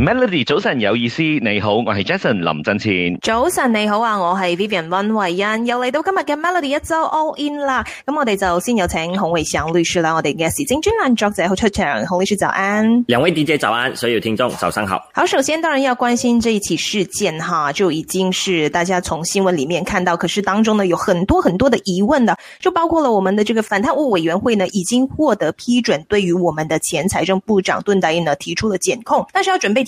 Melody，早晨有意思，你好，我係 Jason 林振前。早晨你好啊，我係 Vivian 温慧欣，又嚟到今日嘅 Melody 一周 All In 啦。咁我哋就先有請洪偉祥律師啦，我哋嘅時政專欄作者好出場，洪律師早安。兩位 DJ 早安，所有聽眾早上好。好，首先當然要關心這一起事件哈，就已經是大家從新聞裏面看到，可是當中呢有很多很多的疑問的，就包括了我們的這個反貪污委員會呢已經獲得批准，對於我們的前財政部長敦達因呢提出了檢控，但是要準備。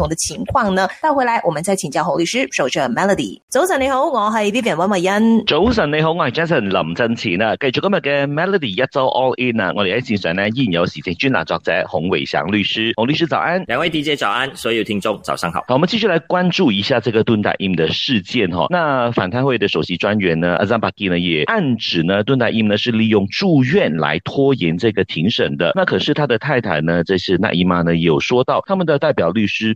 的情況呢？帶回來，我們再請教何律師。首晨，Melody，早晨你好，我係 Vivian w 溫慧 n，早晨你好，我係 Jason 林振奇。啊。繼續今日嘅 Melody 一周 All In 啊，我哋喺線上呢，印有時政專欄作者洪偉祥律師。洪律師早安，兩位 DJ 早安，所有聽眾早上好。好，我們繼續來關注一下這個敦大 im 的事件哈。那反貪會的首席專員呢，Azam、啊、Baki 呢，也暗指呢敦大 im 呢是利用住院來拖延這個庭審的。那可是他的太太呢，這次那姨媽呢有說到，他們的代表律師。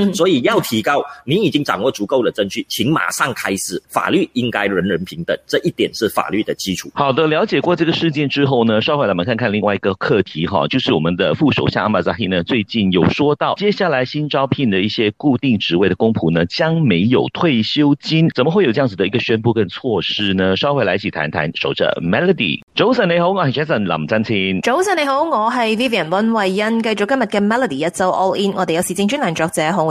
所以要提高，你已經掌握足夠的證據，請馬上開始。法律應該人人平等，這一點是法律的基礎。好的，了解過這個事件之後呢，稍後我們看看另外一個課題哈，就是我們的副首相阿瑪扎希呢，最近有說到，接下來新招聘的一些固定職位的公僕呢，將沒有退休金，怎麼會有這樣子的一個宣布跟措施呢？稍後來一起談談。守着 Melody，早晨，啊，你好，我係 Jason 林振千。早晨你好，我係 Vivian 温慧欣。繼續今日嘅 Melody 一周 All In，我哋有時政專欄作者好。